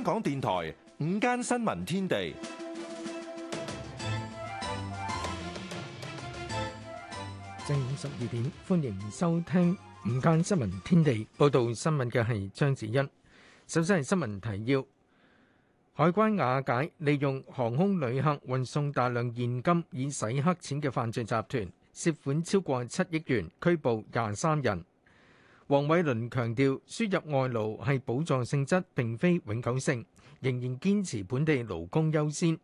香港電台午間新聞天地，正十二點，歡迎收聽午間新聞天地。報道新聞嘅係張子欣。首先係新聞提要：海關瓦解利用航空旅客運送大量現金以洗黑錢嘅犯罪集團，涉款超過七億元，拘捕廿三人。王偉倫強調，輸入外勞係保障性質，並非永久性，仍然堅持本地勞工優先。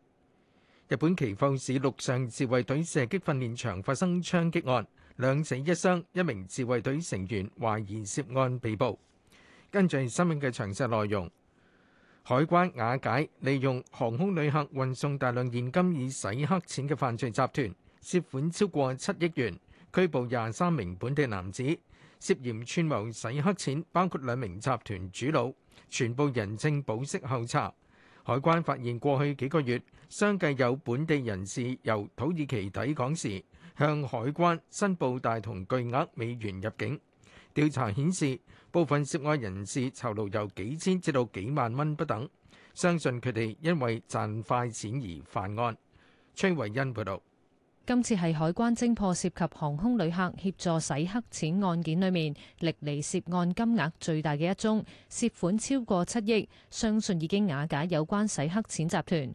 日本岐阜市陸上自衛隊射擊訓練場發生槍擊案，兩死一傷，一名自衛隊成員懷疑涉案被捕。根據新聞嘅詳細內容，海關瓦解利用航空旅客運送大量現金以洗黑錢嘅犯罪集團，涉款超過七億元，拘捕廿三名本地男子。涉嫌串謀洗黑錢，包括兩名集團主腦，全部人證保釋候查。海關發現過去幾個月，相繼有本地人士由土耳其抵港時，向海關申報大同巨額美元入境。調查顯示，部分涉案人士酬勞由幾千至到幾萬蚊不等，相信佢哋因為賺快錢而犯案。崔慧欣報道。今次係海關偵破涉及航空旅客協助洗黑錢案件裏面，歷嚟涉案金額最大嘅一宗，涉款超過七億，相信已經瓦解有關洗黑錢集團。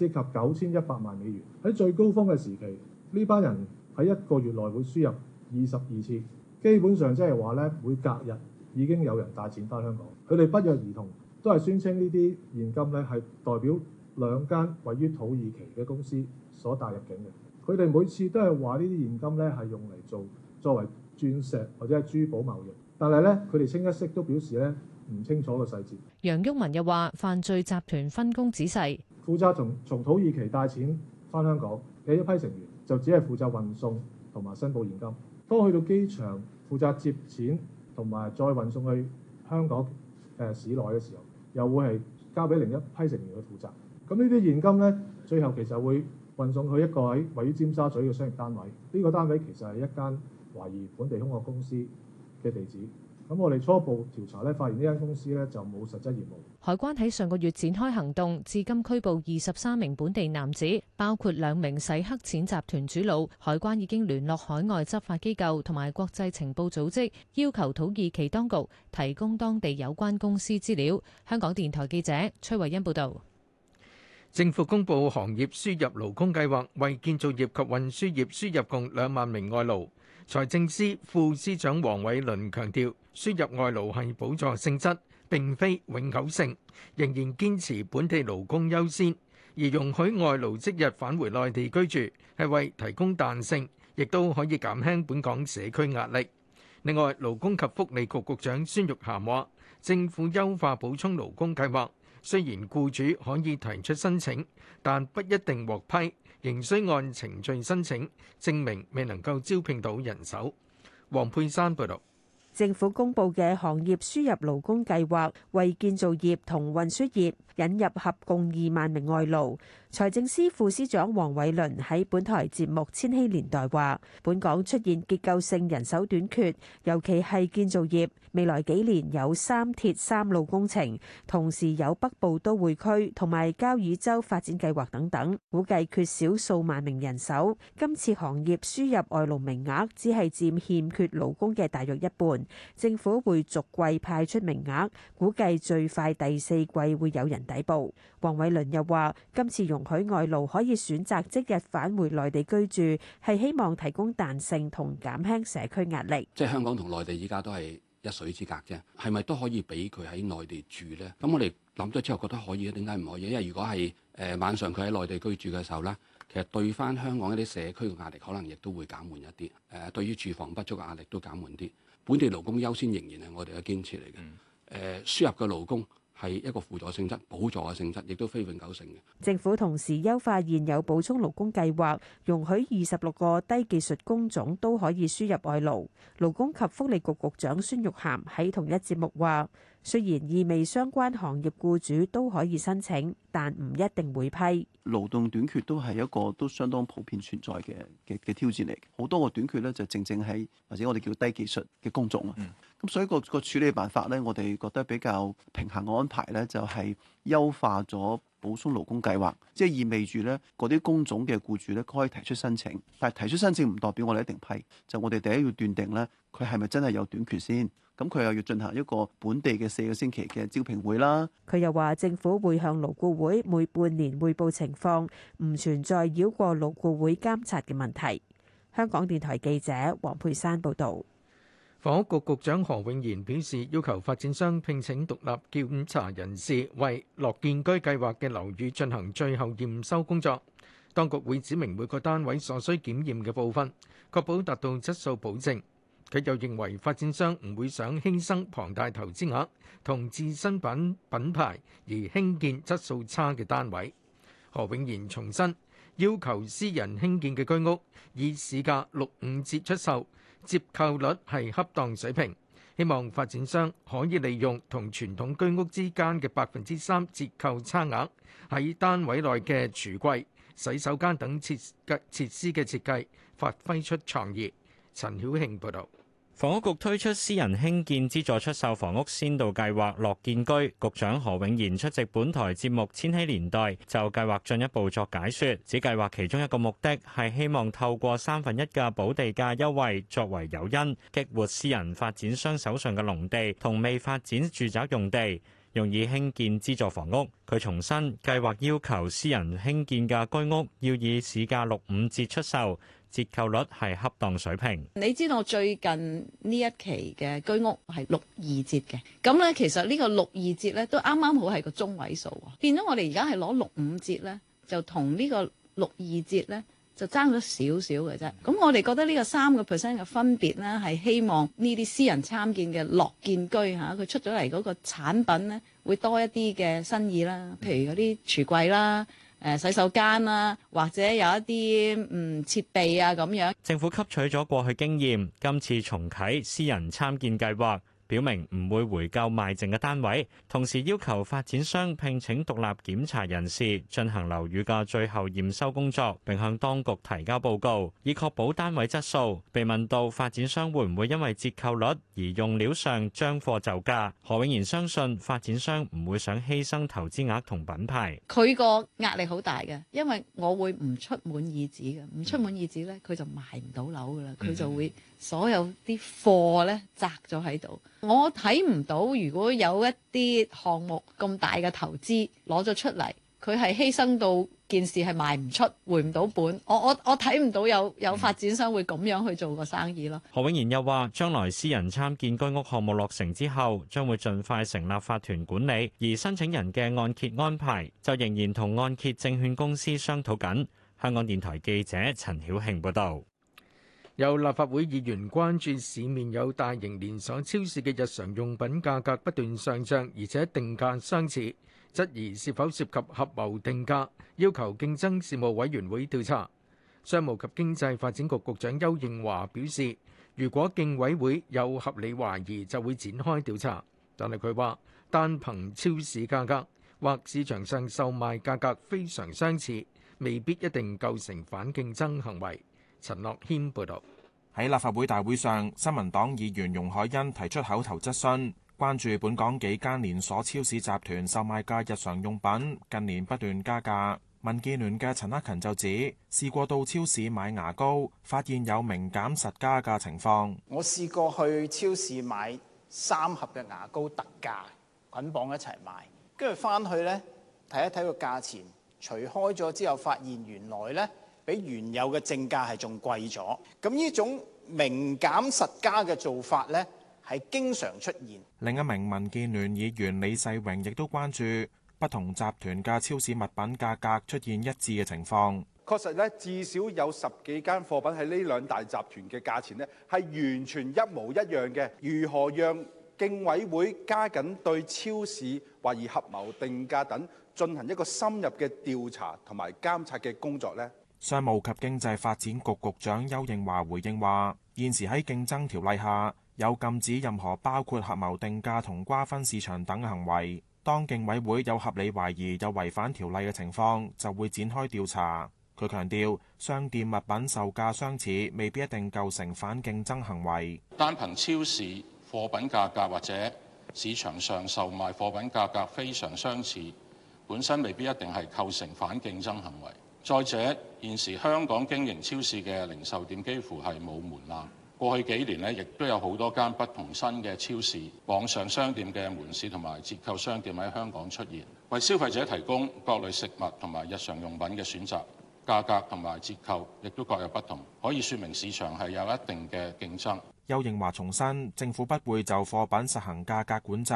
涉及九千一百萬美元，喺最高峰嘅時期，呢班人喺一個月內會輸入二十二次，基本上即係話咧，每隔日已經有人帶錢翻香港。佢哋不約而同都係宣稱呢啲現金咧係代表兩間位於土耳其嘅公司所帶入境嘅。佢哋每次都係話呢啲現金咧係用嚟做作為鑽石或者係珠寶貿易，但係咧佢哋清一色都表示咧唔清楚個細節。楊旭文又話犯罪集團分工仔細。負責從從土耳其帶錢返香港嘅一批成員，就只係負責運送同埋申報現金。當去到機場負責接錢同埋再運送去香港誒市內嘅時候，又會係交俾另一批成員去負責。咁呢啲現金咧，最後其實會運送去一個喺位於尖沙咀嘅商業單位。呢個單位其實係一間懷疑本地空殼公司嘅地址。咁我哋初步調查呢，發現呢間公司呢就冇實質業務。海關喺上個月展開行動，至今拘捕二十三名本地男子，包括兩名洗黑錢集團主腦。海關已經聯絡海外執法機構同埋國際情報組織，要求土耳其當局提供當地有關公司資料。香港電台記者崔慧欣報道。政府公布行業輸入勞工計劃，為建造業及運輸業輸入共兩萬名外勞。財政司副司長黃偉綸強調，輸入外勞係補助性質，並非永久性，仍然堅持本地勞工優先，而容許外勞即日返回內地居住，係為提供彈性，亦都可以減輕本港社區壓力。另外，勞工及福利局局長孫玉菡話，政府優化補充勞工計劃，雖然僱主可以提出申請，但不一定獲批。仍需按程序申請，證明未能夠招聘到人手。黃佩珊報道。政府公布嘅行業輸入勞工計劃，為建造業同運輸業引入合共二萬名外勞。財政司副司長黃偉綸喺本台節目《千禧年代》話，本港出現結構性人手短缺，尤其係建造業未來幾年有三鐵三路工程，同時有北部都會區同埋交椅洲發展計劃等等，估計缺少數萬名人手。今次行業輸入外勞名額只係佔欠缺勞工嘅大約一半。政府會逐季派出名額，估計最快第四季會有人抵埗。黃偉綸又話：今次容許外勞可以選擇即日返回內地居住，係希望提供彈性同減輕社區壓力。即係香港同內地依家都係一水之隔啫，係咪都可以俾佢喺內地住呢？咁我哋諗咗之後覺得可以啊。點解唔可以？因為如果係誒晚上佢喺內地居住嘅時候呢，其實對翻香港一啲社區嘅壓力可能亦都會減緩一啲。誒，對於住房不足嘅壓力都減緩啲。本地勞工優先仍然係我哋嘅堅持嚟嘅，誒、呃、輸入嘅勞工係一個輔助性質、補助嘅性質，亦都非永久性嘅。政府同時優化現有補充勞工計劃，容許二十六個低技術工種都可以輸入外勞。勞工及福利局局長孫玉菡喺同一節目話。雖然意味相關行業僱主都可以申請，但唔一定會批。勞動短缺都係一個都相當普遍存在嘅嘅嘅挑戰嚟嘅。好多個短缺咧就正正係或者我哋叫低技術嘅工種。咁、嗯、所以個個處理辦法咧，我哋覺得比較平衡嘅安排咧，就係優化咗補充勞工計劃，即係意味住咧嗰啲工種嘅僱主咧可以提出申請，但係提出申請唔代表我哋一定批。就我哋第一要斷定咧，佢係咪真係有短缺先。咁佢又要進行一個本地嘅四個星期嘅招聘會啦。佢又話政府會向勞顧會每半年匯報情況，唔存在繞過勞顧會監察嘅問題。香港電台記者黃佩珊報導。房屋局局長何永賢表示，要求發展商聘請獨立檢查人士為樂建居計劃嘅樓宇進行最後驗收工作。當局會指明每個單位所需檢驗嘅部分，確保達到質素保證。佢又認為發展商唔會想犧牲龐大投資額同自身品品牌而興建質素差嘅單位。何永賢重申，要求私人興建嘅居屋以市價六五折出售，折扣率係恰當水平。希望發展商可以利用同傳統居屋之間嘅百分之三折扣差額，喺單位內嘅櫥櫃、洗手間等設計設施嘅設計，發揮出創意。陳曉慶報導。房屋局推出私人興建資助出售房屋先導計劃「樂建居」，局長何永賢出席本台節目《千禧年代》就計劃進一步作解說，此計劃其中一個目的係希望透過三分一嘅保地價優惠作為誘因，激活私人發展商手上嘅農地同未發展住宅用地，用以興建資助房屋。佢重申，計劃要求私人興建嘅居屋要以市價六五折出售。折扣率係恰當水平。你知道最近呢一期嘅居屋係六二折嘅，咁咧其實呢個六二折咧都啱啱好係個中位數喎。變咗我哋而家係攞六五折咧，就同呢個六二折咧就爭咗少少嘅啫。咁我哋覺得個呢個三個 percent 嘅分別咧，係希望呢啲私人參建嘅樂建居嚇，佢、啊、出咗嚟嗰個產品咧會多一啲嘅新意啦，譬如嗰啲櫥櫃啦。呃、洗手間啦、啊，或者有一啲嗯設備啊咁樣。政府吸取咗過去經驗，今次重啟私人參建計劃。表明唔會回購賣剩嘅單位，同時要求發展商聘請獨立檢查人士進行樓宇嘅最後驗收工作，並向當局提交報告，以確保單位質素。被問到發展商會唔會因為折扣率而用料上將貨就價？何永賢相信發展商唔會想犧牲投資額同品牌。佢個壓力好大嘅，因為我會唔出滿意紙嘅，唔出滿意紙咧，佢就賣唔到樓噶啦，佢就會。所有啲貨呢，擱咗喺度，我睇唔到。如果有一啲項目咁大嘅投資攞咗出嚟，佢係犧牲到件事係賣唔出，回唔到本。我我我睇唔到有有發展商會咁樣去做個生意咯。何永賢又話，將來私人參建居屋項目落成之後，將會盡快成立法團管理，而申請人嘅按揭安排就仍然同按揭證券公司商討緊。香港電台記者陳曉慶報道。有立法會議員關注市面有大型連鎖超市嘅日常用品價格不斷上漲，而且定價相似，質疑是否涉及合謀定價，要求競爭事務委員會調查。商務及經濟發展局局長邱應華表示，如果競委會有合理懷疑，就會展開調查。但係佢話，單憑超市價格，或市場上售賣價格非常相似，未必一定構成反競爭行為。陳樂軒報道。喺立法會大會上，新民黨議員容海恩提出口頭質詢，關注本港幾間連鎖超市集團售賣嘅日常用品近年不斷加價。民建聯嘅陳克勤就指試過到超市買牙膏，發現有明減實加價情況。我試過去超市買三盒嘅牙膏特價捆綁一齊買，跟住翻去呢，睇一睇個價錢，除開咗之後，發現原來呢。比原有嘅正價係仲貴咗，咁呢種明減實加嘅做法咧，係經常出現。另一名民建聯議員李世榮亦都關注不同集團嘅超市物品價格出現一致嘅情況。確實咧，至少有十幾間貨品喺呢兩大集團嘅價錢咧係完全一模一樣嘅。如何讓競委會加緊對超市懷疑合謀定價等進行一個深入嘅調查同埋監察嘅工作咧？商務及經濟發展局局長邱應華回應話，現時喺競爭條例下有禁止任何包括合謀定價同瓜分市場等嘅行為。當競委會有合理懷疑有違反條例嘅情況，就會展開調查。佢強調，商店物品售價相似未必一定構成反競爭行為。單憑超市貨品價格或者市場上售賣貨品價格非常相似，本身未必一定係構成反競爭行為。再者，現時香港經營超市嘅零售店幾乎係冇門檻。過去幾年咧，亦都有好多間不同新嘅超市、網上商店嘅門市同埋折扣商店喺香港出現，為消費者提供各類食物同埋日常用品嘅選擇，價格同埋折扣亦都各有不同，可以說明市場係有一定嘅競爭。邱應華重申，政府不會就貨品實行價格管制，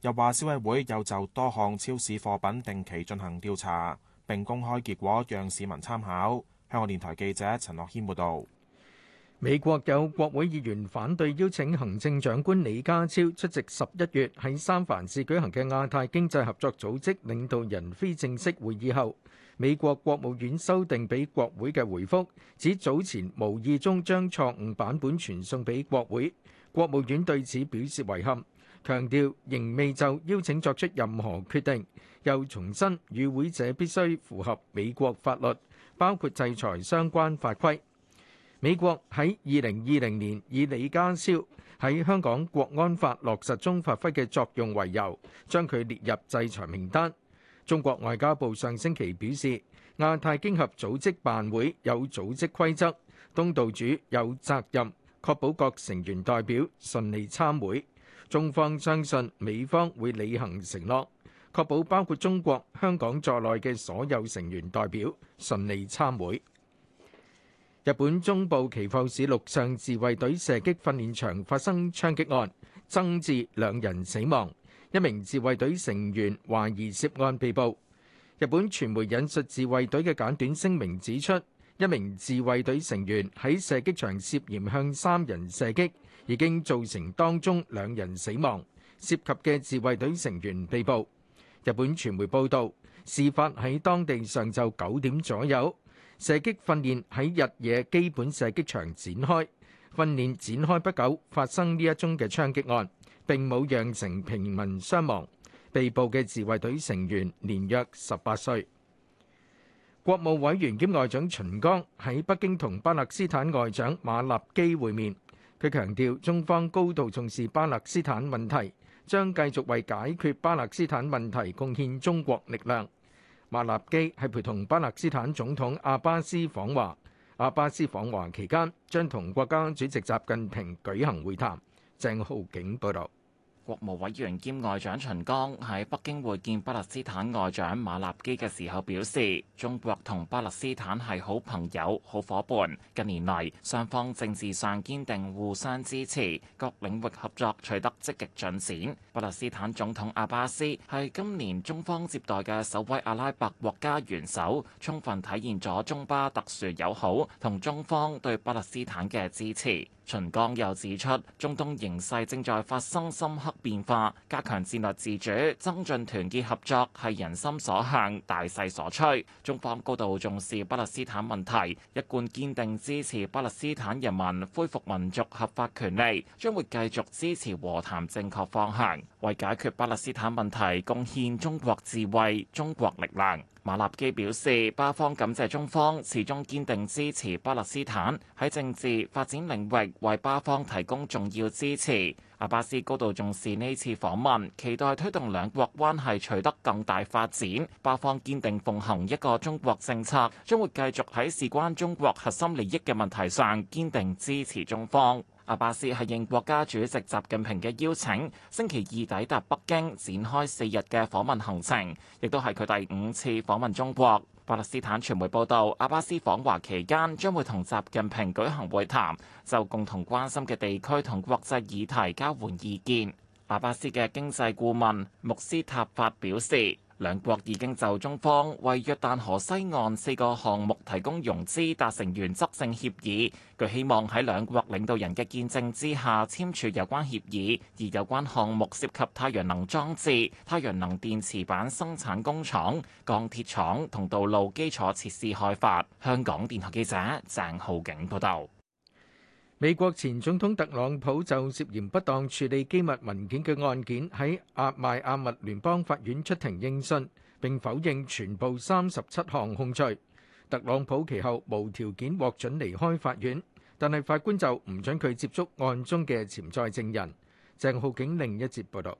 又話消委會又就多項超市貨品定期進行調查。並公開結果，讓市民參考。香港電台記者陳樂軒報導。美國有國會議員反對邀請行政長官李家超出席十一月喺三藩市舉行嘅亞太經濟合作組織領導人非正式會議後，美國國務院修訂俾國會嘅回覆，指早前無意中將錯誤版本傳送俾國會，國務院對此表示遺憾。強調仍未就邀請作出任何決定，又重申與會者必須符合美國法律，包括制裁相關法規。美國喺二零二零年以李家超喺香港國安法落實中發揮嘅作用為由，將佢列入制裁名單。中國外交部上星期表示，亞太經合組織辦會有組織規則，東道主有責任確保各成員代表順利參會。中方相信美方會履行承諾，確保包括中國香港在內嘅所有成員代表順利參會。日本中部岐阜市陸上自衛隊射擊訓練場發生槍擊案，增至兩人死亡，一名自衛隊成員懷疑涉案被捕。日本傳媒引述自衛隊嘅簡短聲明指出，一名自衛隊成員喺射擊場涉嫌向三人射擊。已經造成當中兩人死亡，涉及嘅自衛隊成員被捕。日本傳媒報道，事發喺當地上晝九點左右，射擊訓練喺日野基本射擊場展開。訓練展開不久，發生呢一宗嘅槍擊案，並冇釀成平民傷亡。被捕嘅自衛隊成員年約十八歲。國務委員兼外長秦剛喺北京同巴勒斯坦外長馬立基會面。佢強調，中方高度重視巴勒斯坦問題，將繼續為解決巴勒斯坦問題貢獻中國力量。馬立基係陪同巴勒斯坦總統阿巴斯訪華，阿巴斯訪華期間將同國家主席習近平舉行會談。鄭浩景報道。國務委員兼外長秦剛喺北京會見巴勒斯坦外長馬立基嘅時候表示，中國同巴勒斯坦係好朋友、好夥伴。近年嚟，雙方政治上堅定互相支持，各領域合作取得積極進展。巴勒斯坦總統阿巴斯係今年中方接待嘅首位阿拉伯國家元首，充分體現咗中巴特殊友好同中方對巴勒斯坦嘅支持。秦剛又指出，中東形勢正在發生深刻變化，加強戰略自主、增進團結合作係人心所向、大勢所趨。中方高度重視巴勒斯坦問題，一貫堅定支持巴勒斯坦人民恢復民族合法權利，將會繼續支持和談正確方向，為解決巴勒斯坦問題貢獻中國智慧、中國力量。馬立基表示，巴方感謝中方始終堅定支持巴勒斯坦，喺政治發展領域為巴方提供重要支持。阿巴斯高度重視呢次訪問，期待推動兩國關係取得更大發展。巴方堅定奉行一個中國政策，將會繼續喺事關中國核心利益嘅問題上堅定支持中方。阿巴斯係應國家主席習近平嘅邀請，星期二抵達北京，展開四日嘅訪問行程，亦都係佢第五次訪問中國。巴勒斯坦傳媒報道，阿巴斯訪華期間將會同習近平舉行會談，就共同關心嘅地區同國際議題交換意見。阿巴斯嘅經濟顧問穆斯塔法表示：兩國已經就中方為約旦河西岸四個項目提供融資達成原則性協議，佢希望喺兩國領導人嘅見證之下簽署有關協議，而有關項目涉及太陽能裝置、太陽能電池板生產工廠、鋼鐵廠同道路基礎設施開發。香港電台記者鄭浩景報道。美國前總統特朗普就涉嫌不當處理機密文件嘅案件，喺邁阿密聯邦法院出庭應訊，並否認全部三十七項控罪。特朗普其後無條件獲准離開法院，但係法官就唔准佢接觸案中嘅潛在證人。鄭浩景另一節報道。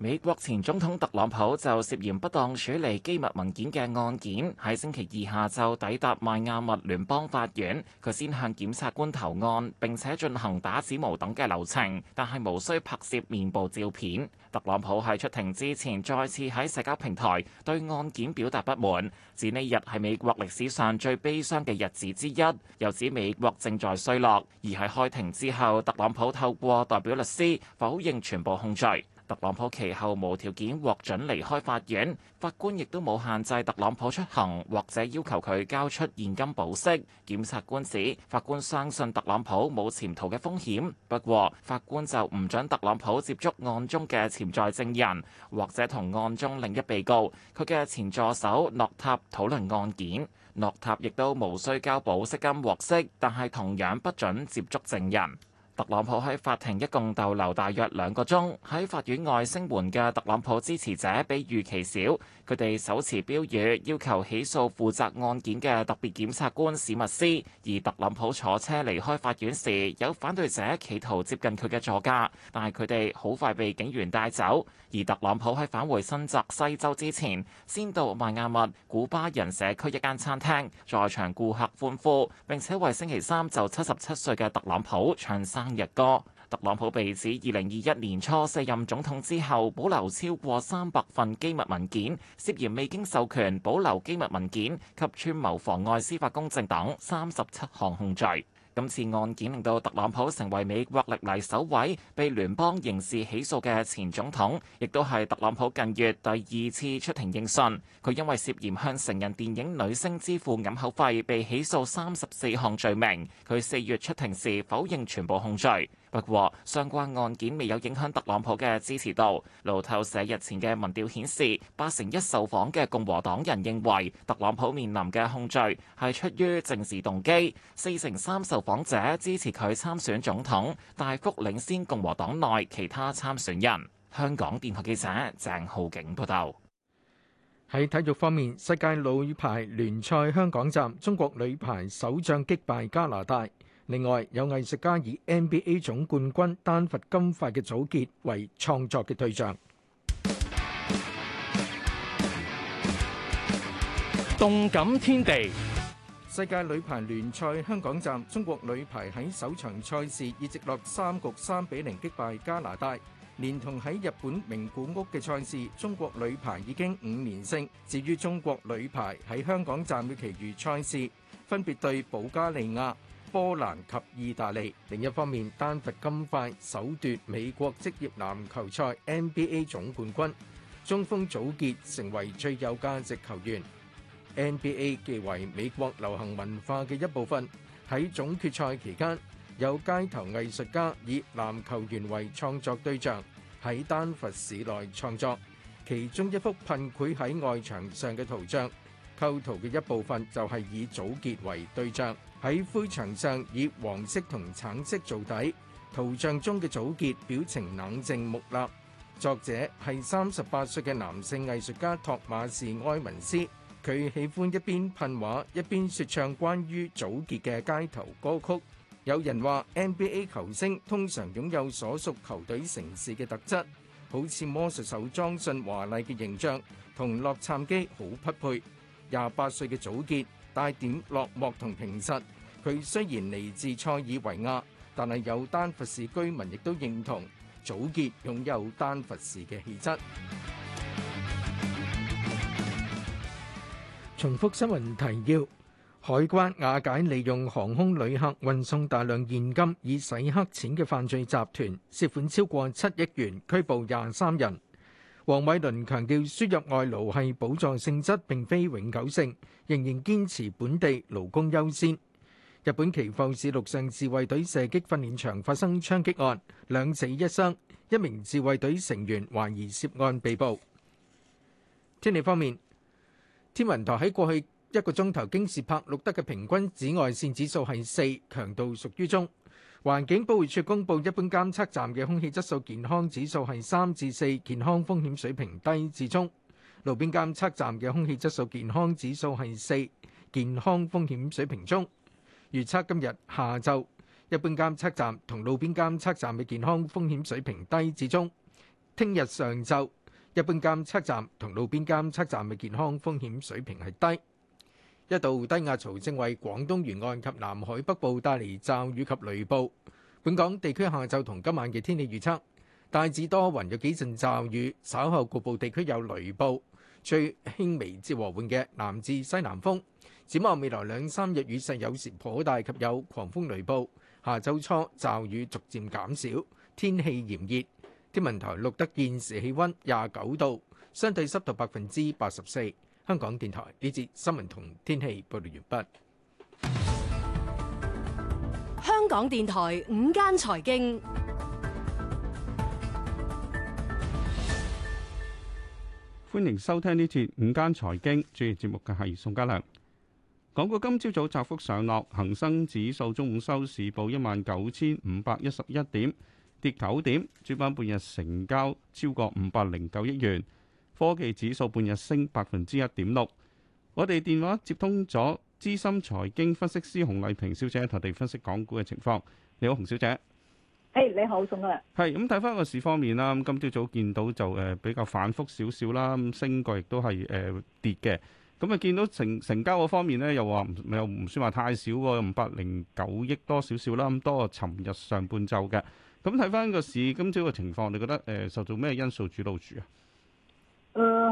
美國前總統特朗普就涉嫌不當處理機密文件嘅案件，喺星期二下晝抵達邁阿密聯邦法院。佢先向檢察官投案，並且進行打指模等嘅流程，但係無需拍攝面部照片。特朗普喺出庭之前，再次喺社交平台對案件表達不滿，指呢日係美國歷史上最悲傷嘅日子之一，又指美國正在衰落。而喺開庭之後，特朗普透過代表律師否認全部控罪。特朗普其後無條件獲准離開法院，法官亦都冇限制特朗普出行或者要求佢交出現金保釋。檢察官指法官相信特朗普冇潛逃嘅風險，不過法官就唔准特朗普接觸案中嘅潛在證人或者同案中另一被告佢嘅前助手諾塔討論案件。諾塔亦都無需交保釋金獲釋，但係同樣不准接觸證人。特朗普喺法庭一共逗留大約兩個鐘，喺法院外聲援嘅特朗普支持者比預期少，佢哋手持標語要求起訴負責案件嘅特別檢察官史密斯。而特朗普坐車離開法院時，有反對者企圖接近佢嘅座駕，但係佢哋好快被警員帶走。而特朗普喺返回新澤西州之前，先到邁阿密古巴人社區一間餐廳，在場顧客歡呼，並且為星期三就七十七歲嘅特朗普唱生日歌。特朗普被指二零二一年初卸任總統之後，保留超過三百份機密文件，涉嫌未經授權保留機密文件及串謀妨礙司法公正等三十七項控罪。今次案件令到特朗普成為美國歷來首位被聯邦刑事起訴嘅前總統，亦都係特朗普近月第二次出庭應訊。佢因為涉嫌向成人電影女星支付掩口費，被起訴三十四項罪名。佢四月出庭時否認全部控罪。不過，相關案件未有影響特朗普嘅支持度。路透社日前嘅民調顯示，八成一受訪嘅共和黨人認為特朗普面臨嘅控罪係出於政治動機，四成三受訪者支持佢參選總統，大幅領先共和黨內其他參選人。香港電台記者鄭浩景報道。喺體育方面，世界女排聯賽香港站，中國女排首仗擊敗加拿大。另外有藝術家以 NBA 總冠軍丹佛金塊嘅組結為創作嘅對象。動感天地，世界女排聯賽香港站，中國女排喺首場賽事以直落三局三比零擊敗加拿大，連同喺日本名古屋嘅賽事，中國女排已經五連勝。至於中國女排喺香港站嘅其餘賽事，分別對保加利亞。波蘭及意大利。另一方面，丹佛金塊首奪美國職業籃球賽 NBA 總冠軍，中鋒祖杰成為最有價值球員。NBA 既為美國流行文化嘅一部分，喺總決賽期間，有街頭藝術家以籃球員為創作對象，喺丹佛市內創作。其中一幅噴繪喺外牆上嘅圖像，構圖嘅一部分就係以祖杰為對象。喺灰牆上以黃色同橙色做底，圖像中嘅祖傑表情冷靜木訥。作者係三十八歲嘅男性藝術家托馬士埃文斯，佢喜歡一邊噴畫一邊説唱關於祖傑嘅街頭歌曲。有人話 NBA 球星通常擁有所屬球隊城市嘅特質，好似魔術手莊臣華麗嘅形象同洛杉磯好匹配。廿八歲嘅祖傑，帶點落寞同平實。佢雖然嚟自塞爾維亞，但係有丹佛市居民亦都認同，祖傑擁有丹佛市嘅氣質。重複新聞提要：海關瓦解利用航空旅客運送大量現金以洗黑錢嘅犯罪集團，涉款超過七億元，拘捕廿三人。黃偉倫強調，輸入外勞係保障性質，並非永久性，仍然堅持本地勞工優先。日本岐阜市陸上自衛隊射擊訓練場發生槍擊案，兩死一傷，一名自衛隊成員懷疑涉案被捕。天氣方面，天文台喺過去一個鐘頭京士柏錄得嘅平均紫外線指數係四，強度屬於中。環境保護署公布一般監測站嘅空氣質素健康指數係三至四，健康風險水平低至中；路邊監測站嘅空氣質素健康指數係四，健康風險水平中。預測今日下晝，一般監測站同路邊監測站嘅健康風險水平低至中；聽日上晝，一般監測站同路邊監測站嘅健康風險水平係低。一道低壓槽正為廣東沿岸及南海北部帶嚟驟雨及雷暴。本港地區下晝同今晚嘅天氣預測，大致多雲有幾陣驟雨，稍後局部地區有雷暴，吹輕微至和緩嘅南至西南風。展望未來兩三日雨勢有時頗大及有狂風雷暴。下晝初驟雨逐漸減少，天氣炎熱。天文台錄得現時氣溫廿九度，相對濕度百分之八十四。香港電台呢節新聞同天氣報道完畢。香港電台午間財經，歡迎收聽呢節午間財經。主持節目嘅係宋家良。港股今朝早窄幅上落，恒生指數中午收市報一萬九千五百一十一點，跌九點。主板半日成交超過五百零九億元。科技指數半日升百分之一點六。我哋電話接通咗資深財經分析師洪麗萍小姐，同我哋分析港股嘅情況。你好，洪小姐。誒，hey, 你好，宋哥啊。係咁睇翻個市方面啦。咁今朝早見到就誒比較反覆少少啦。咁升過亦都係誒跌嘅。咁啊，見到成成交嗰方面咧，又話又唔算話太少喎，五百零九億多少少啦。咁多尋日上半晝嘅。咁睇翻個市今朝嘅情況，你覺得誒受到咩因素主導住啊？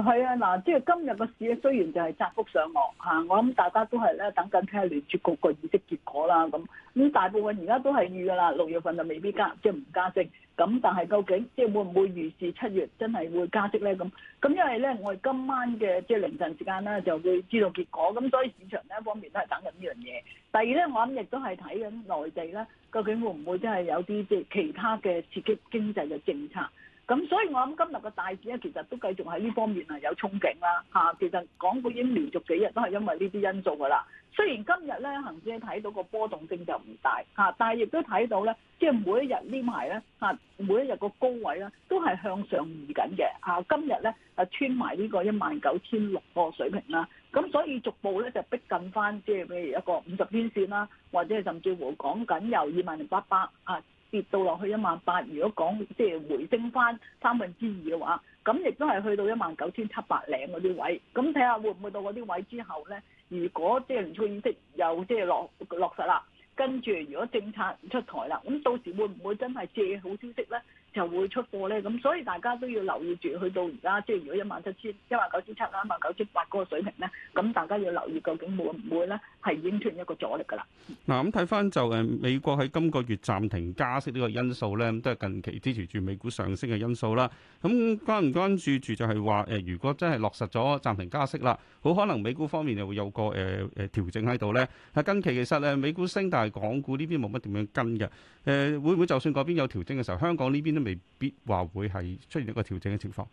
係啊，嗱，即係今日個市咧，雖然就係窄幅上落嚇，我諗大家都係咧等緊睇下聯儲局個議息結果啦。咁咁大部分而家都係預㗎啦，六月份就未必加，即係唔加息。咁但係究竟即係會唔會預示七月真係會加息咧？咁咁因為咧，我哋今晚嘅即係凌晨時間啦，就會知道結果。咁所以市場呢一方面都係等緊呢樣嘢。第二咧，我諗亦都係睇緊內地啦，究竟會唔會真係有啲即係其他嘅刺激經濟嘅政策？咁所以我諗今日嘅大市咧、啊，其實都繼續喺呢方面啊有憧憬啦、啊、嚇、啊。其實港股已經連續幾日都係因為呢啲因素噶啦。雖然今日咧恒指睇到個波動性就唔大嚇、啊，但係亦都睇到咧，即、就、係、是、每一日呢排咧嚇，每一日個高位咧都係向上移緊嘅嚇。今日咧啊穿埋呢個一萬九千六個水平啦、啊，咁所以逐步咧就逼近翻即係譬如一個五十天線啦、啊，或者係甚至乎講緊由二萬零八百啊。跌到落去一萬八，如果講即係回升返三分之二嘅話，咁亦都係去到一萬九千七百零嗰啲位，咁睇下會唔會到嗰啲位之後咧？如果即係年初消息又即係落落實啦，跟住如果政策出台啦，咁到時會唔會真係借好消息咧？就會出貨咧，咁所以大家都要留意住，去到而家即係如果一萬七千、一萬九千七啦、一萬九千八嗰個水平咧，咁大家要留意究竟會唔會咧係已經斷一個阻力㗎喇。嗱，咁睇翻就誒美國喺今個月暫停加息呢個因素咧，都係近期支持住美股上升嘅因素啦。咁關唔關注住就係話誒，如果真係落實咗暫停加息啦，好可能美股方面又會有個誒誒調整喺度咧。喺近期其實誒美股升，但係港股呢邊冇乜點樣跟嘅。誒會唔會就算嗰邊有調整嘅時候，香港呢邊都？未必話會係出現一個調整嘅情況。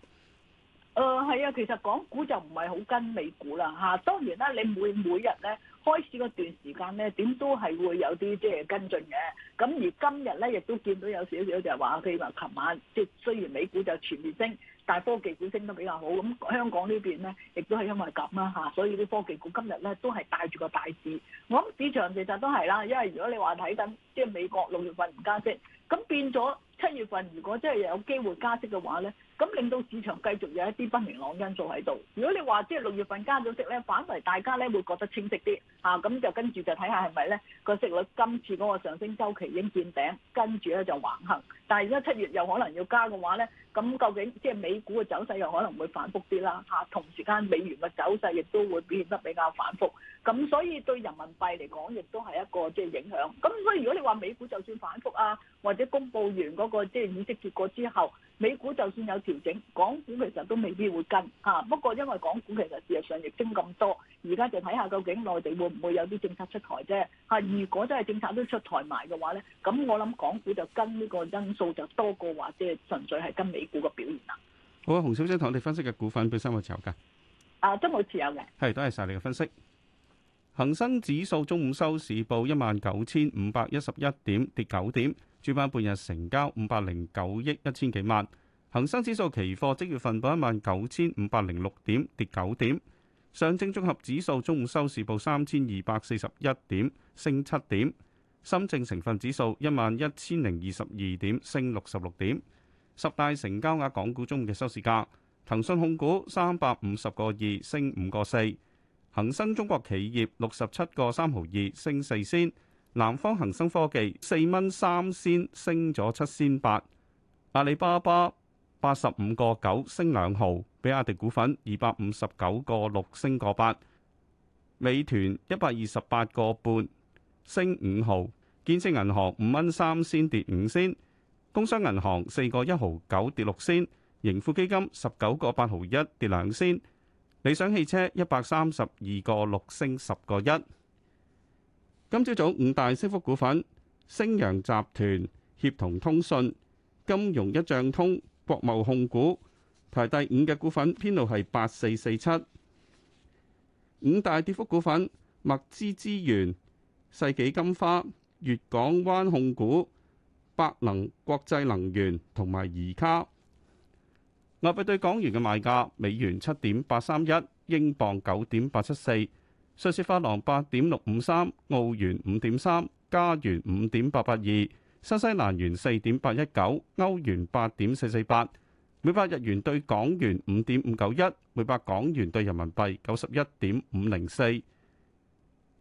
誒，係啊，其實港股就唔係好跟美股啦，吓。當然咧，你每每日咧，開市嗰段時間咧，點都係會有啲即係跟進嘅。咁而今日咧，亦都見到有少少就係話，譬如話琴晚即係雖然美股就全面升，但係科技股升得比較好。咁香港呢邊咧，亦都係因為咁啦，吓，所以啲科技股今日咧都係帶住個大市。我諗市場其實都係啦，因為如果你話睇緊，即係美國六月份唔加息，咁變咗。七月份如果真係有機會加息嘅話咧。咁令到市場繼續有一啲不明朗因素喺度。如果你話即係六月份加咗息咧，反為大家咧會覺得清晰啲嚇，咁就跟住就睇下係咪咧個息率今次嗰個上升週期已經見頂，跟住咧就橫行。但係而家七月又可能要加嘅話咧，咁究竟即係美股嘅走勢又可能會反覆啲啦嚇。同時間美元嘅走勢亦都會變得比較反覆。咁所以對人民幣嚟講亦都係一個即係影響。咁所以如果你話美股就算反覆啊，或者公布完嗰個即係議息結果之後。美股就算有調整，港股其實都未必會跟嚇。不過因為港股其實事實上亦升咁多，而家就睇下究竟內地會唔會有啲政策出台啫嚇。如果真係政策都出台埋嘅話咧，咁我諗港股就跟呢個因素就多過話即係純粹係跟美股嘅表現啦。好啊，洪小姐，同我哋分析嘅股份有冇持有㗎？啊，都冇持有嘅。係，多謝曬你嘅分析。恒生指數中午收市報一萬九千五百一十一點，跌九點。主板半日成交五百零九億一千幾萬。恒生指數期貨即月份報一萬九千五百零六點，跌九點。上證綜合指數中午收市報三千二百四十一點，升七點。深證成分指數一萬一千零二十二點，升六十六點。十大成交額港股中午嘅收市價，騰訊控股三百五十個二，升五個四。恒生中國企業六十七個三毫二升四仙，南方恒生科技四蚊三仙升咗七仙八，阿里巴巴八十五個九升兩毫，比亞迪股份二百五十九個六升個八，美團一百二十八個半升五毫，建設銀行五蚊三仙跌五仙，工商銀行四個一毫九跌六仙，盈富基金十九個八毫一跌兩仙。理想汽車一百三十二個六升十個一。今朝早，早五大升幅股份：星陽集團、協同通訊、金融一賬通、國貿控股，排第五嘅股份編號係八四四七。五大跌幅股份：麥芝資源、世紀金花、粵港灣控股、百能國際能源同埋宜卡。外幣對港元嘅賣價：美元七點八三一，英鎊九點八七四，瑞士法郎八點六五三，澳元五點三，加元五點八八二，新西蘭元四點八一九，歐元八點四四八。每百日元對港元五點五九一，每百港元對人民幣九十一點五零四。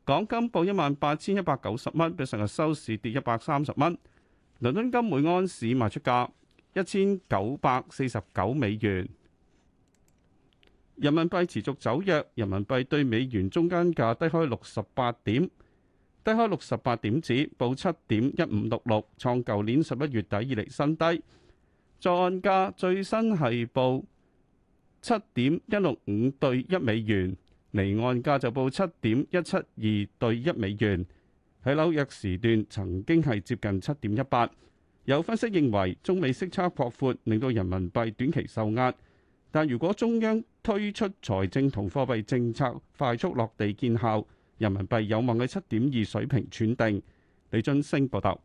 港金報一萬八千一百九十蚊，比上日收市跌一百三十蚊。倫敦金每安士賣出價，一千九百四十九美元，人民幣持續走弱，人民幣對美元中間價低開六十八點，低開六十八點止報七點一五六六，創舊年十一月底以來新低。在岸價最新係報七點一六五對一美元，離岸價就報七點一七二對一美元，喺紐約時段曾經係接近七點一八。有分析認為，中美息差擴闊令到人民幣短期受壓，但如果中央推出財政同貨幣政策快速落地見效，人民幣有望喺七點二水平轉定。李俊升報道。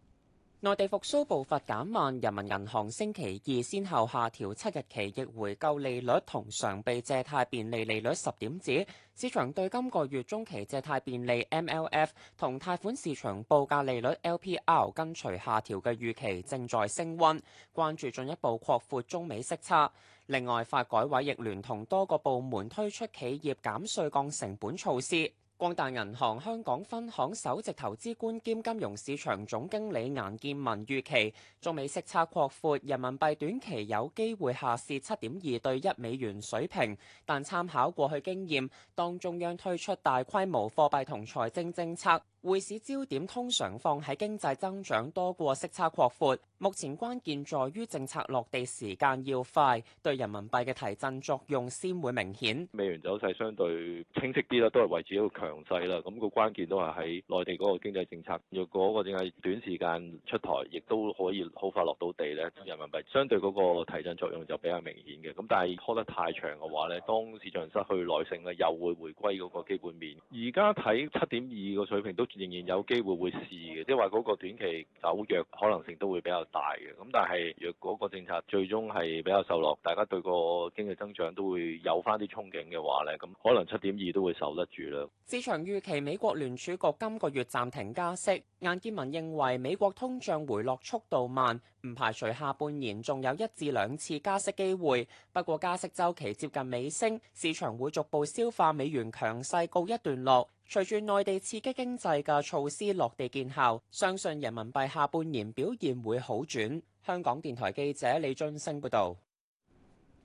內地復甦步伐減慢，人民銀行星期二先後下調七日期逆回購利率同常備借貸便利利率十點子，市場對今個月中期借貸便利 MLF 同貸款市場報價利率 LPR 跟隨下調嘅預期正在升溫，關注進一步擴闊中美息差。另外，發改委亦聯同多個部門推出企業減稅降成本措施。光大銀行香港分行首席投資官兼金融市場總經理顏建文預期，中美息差擴闊，人民幣短期有機會下試七點二對一美元水平，但參考過去經驗，當中央推出大規模貨幣同財政政策，匯市焦點通常放喺經濟增長多過息差擴闊。目前關鍵在於政策落地時間要快，對人民幣嘅提振作用先會明顯，美元走勢相對清晰啲啦，都係維持一個強勢啦。咁個關鍵都係喺內地嗰個經濟政策。若果個政策短時間出台，亦都可以好快落到地咧，人民幣相對嗰個提振作用就比較明顯嘅。咁但係拖得太長嘅話咧，當市場失去耐性咧，又會回歸嗰個基本面。而家睇七點二個水平都仍然有機會會試嘅，即係話嗰個短期走弱可能性都會比較大嘅咁，但係若嗰個政策最終係比較受落，大家對個經濟增長都會有翻啲憧憬嘅話咧，咁可能七點二都會受得住啦。市場預期美國聯儲局今個月暫停加息，晏建文認為美國通脹回落速度慢，唔排除下半年仲有一至兩次加息機會。不過加息週期接近尾聲，市場會逐步消化美元強勢告一段落。隨住內地刺激經濟嘅措施落地見效，相信人民幣下半年表現會好轉。香港電台記者李俊升報道。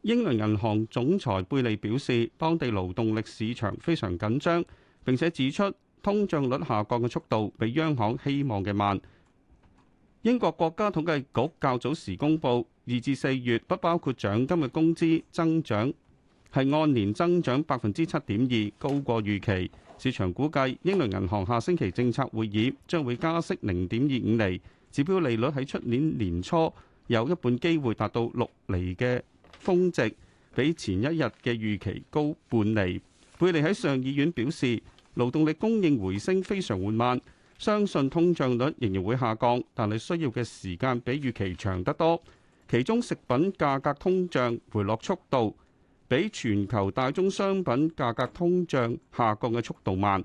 英倫銀行總裁貝利表示，當地勞動力市場非常緊張，並且指出通脹率下降嘅速度比央行希望嘅慢。英國國家統計局較早時公布，二至四月不包括獎金嘅工資增長係按年增長百分之七點二，高過預期。市場估計，英倫銀行下星期政策會議將會加息0.25釐，指標利率喺出年年初有一半機會達到六釐嘅峰值，比前一日嘅預期高半釐。貝利喺上議院表示，勞動力供應回升非常緩慢，相信通脹率仍然會下降，但係需要嘅時間比預期長得多。其中食品價格通脹回落速度比全球大宗商品價格通脹下降嘅速度慢。